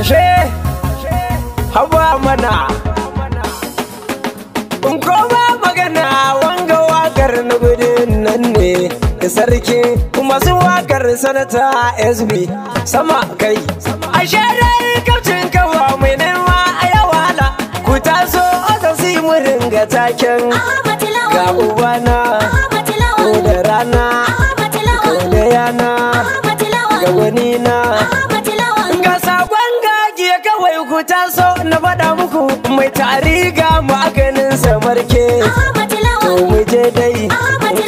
ashe haba mana in ba magana wanga wakar na gudun nan ne sarki su wakar sanata sb sama kai ashe dai kaucin kawa mai nema a yawala ku taso ota si mu ringa taken ga ubana da rana ku taso na faɗa muku mai tariga mu akanin samarke to muje dai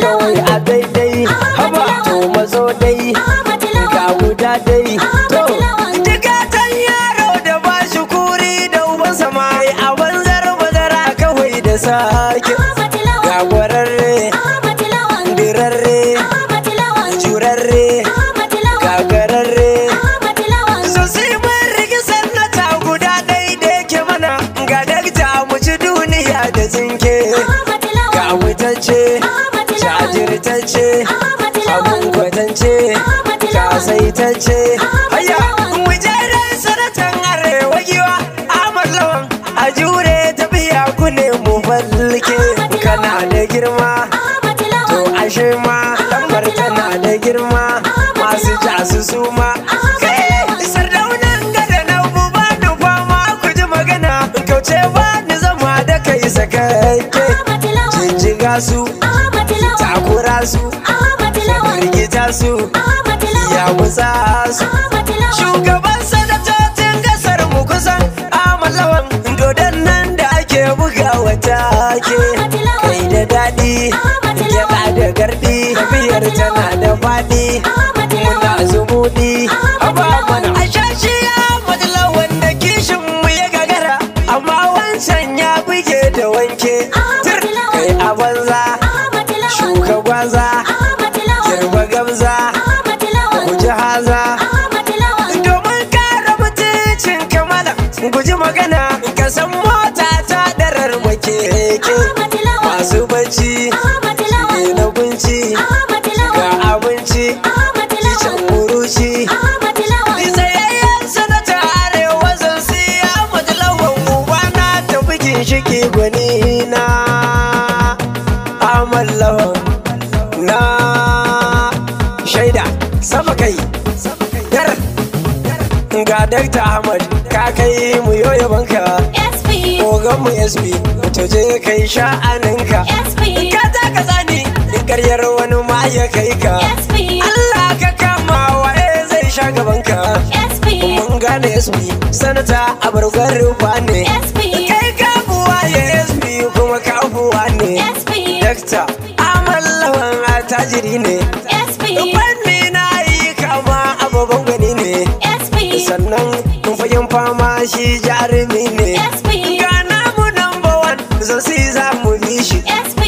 kawai a daidai haba to mazo dai ga guda dai to jigatan yaro da ba shi kuri da ubansa mai a banzar bazara kawai da sake ce jajirtacce abun kwatance ka kasaitacce haya mujere sanatan arewa giwa amalawan a jure tafiya ku ne mu falke kana da girma to ashe ma lambar tana da girma masu jasu suma su takura su firgita su ya wuza su shugaban sanatocin kasar mu kusan amalawan dodon nan da ake buga bugawa take kai da daɗi gyaɗa da garɗi biyar tana da faɗi sama kai yar ga dakta ahmad ka kai mu yoyo banka ogan mu sp to je kai sha'aninka ka ta ka tsani karyar wani ma ya kai ka Allah ka kama waye zai sha gabanka mun gane sp sanata abargar rufa ne kai ka buwa ya sp kuma ka buwa ne dakta amallawan attajiri ne kuma bangani ne sannan fayin fama shi jarumi ne gana mu number one zan si za mu bi shi sp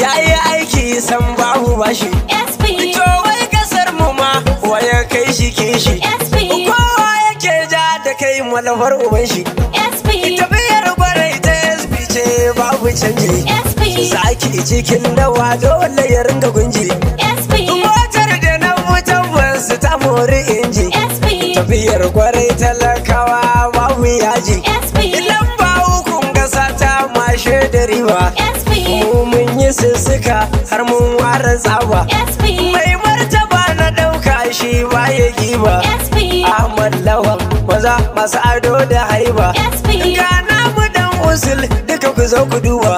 ya yi aiki san babu bashi to wai kasar mu ma waya kai shi kishi kowa yake ja da kai malafar uban shi tafiyar gwarai ta sp ce babu canji zaki cikin dawa dole ya ringa gunji mori inji tafiyar kwarai talakawa ba mu yaji lamba hukun gasa ta mashe da riba mu mun yi sussuka har mun ware tsaba mai martaba na ɗauka shi ba ya giba ahmad lawan maza masu ado da haiba gana mu dan usul duka ku zo ku duba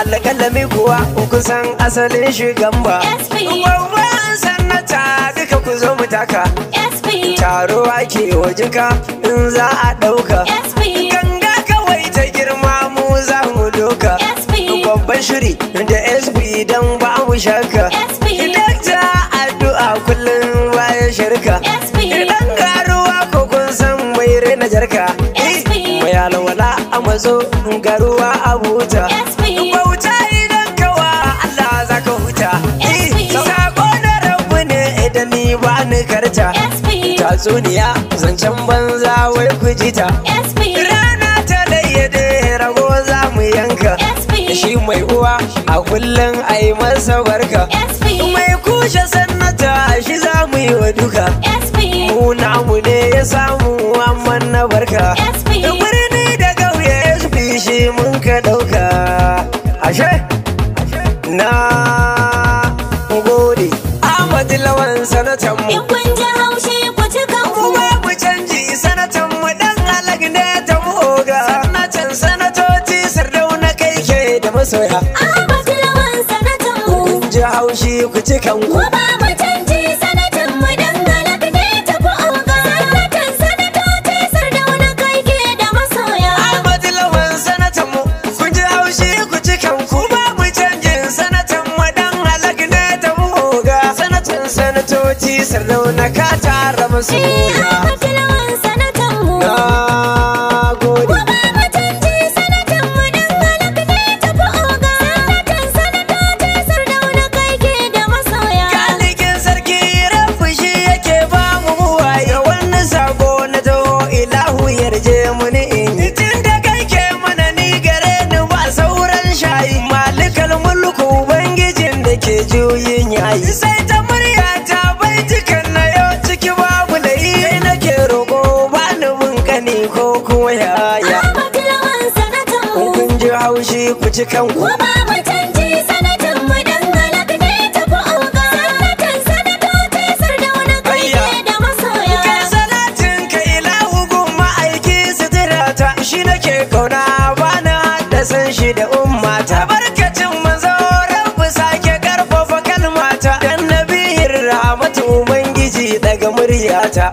alƙalami kuwa kusan asalin shigan ba ruwa ke wajika in za a ɗauka ganga kawai ta girma mu za mu doka babban shiri da sb don ba mu shaka. idan ta addu'a kullum bayan shirka idan garuwa ko kun san mai raina jarka eh, mai alwala a mazo garuwa a buta allah za ka huta eh, sako na rabu ne idan ni ba ni karta tatsuniya zancen banza wai kujita rana ta dayyade rago za mu yanka shi mai uwa a kullum a yi masa barka mai kushe sannata shi za mu yi wa duka mu namu ne ya samu amman na barka birni da gauye sp shi mun ka ashe masoya Ahmad Lawan sanatan mu kun haushi ku kan ku ba mu canji sanatan mu dan galak ne ta ku auga sanatan sanato sar da wani kai ke da masoya Ahmad Lawan sanatan mu kun ji haushi ku ci kan ku ba mu canji sanatan mu dan halak ne ta ku auga sanatan sanatoci da wani ka tara masoya ji kanku. Kuma mu canji sanatan mu dan halak ne tafi auka. Sanatan sanatoci sar da wani kai da masoya. Kai sanatin ka ilahu gun ma'aiki sitirata ta shi nake kauna bana na haddasan shi da ummata. Barkacin manzo rabu sake karfafa kalmata. Dan nabihin rahmatu ubangiji daga muryata.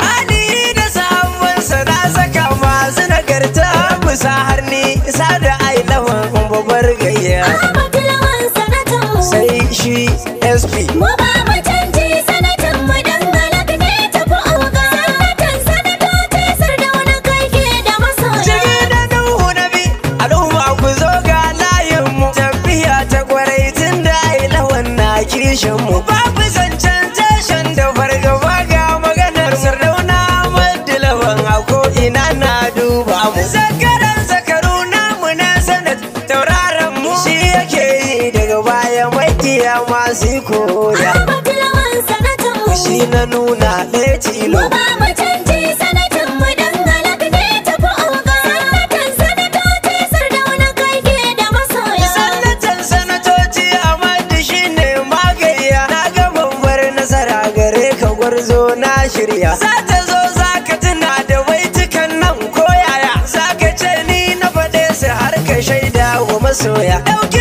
ni na nuna ɗaya tilo. Mu ba mu canji sanatan mu dan galak ne tafi Sanatan sanatoci sardauna kai ke da masoya. Sanatan sanatoci amadu shi ne magariya. Na ga babbar nasara gare ka gwarzo na shirya. Za ta zo za ka tuna da baitukan nan koyaya. Za ka ce ni na faɗe su har ka shaida wa masoya. Ɗauki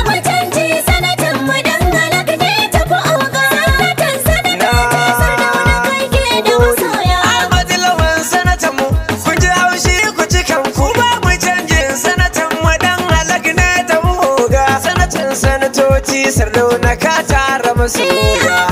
sardauna ka tara masu goya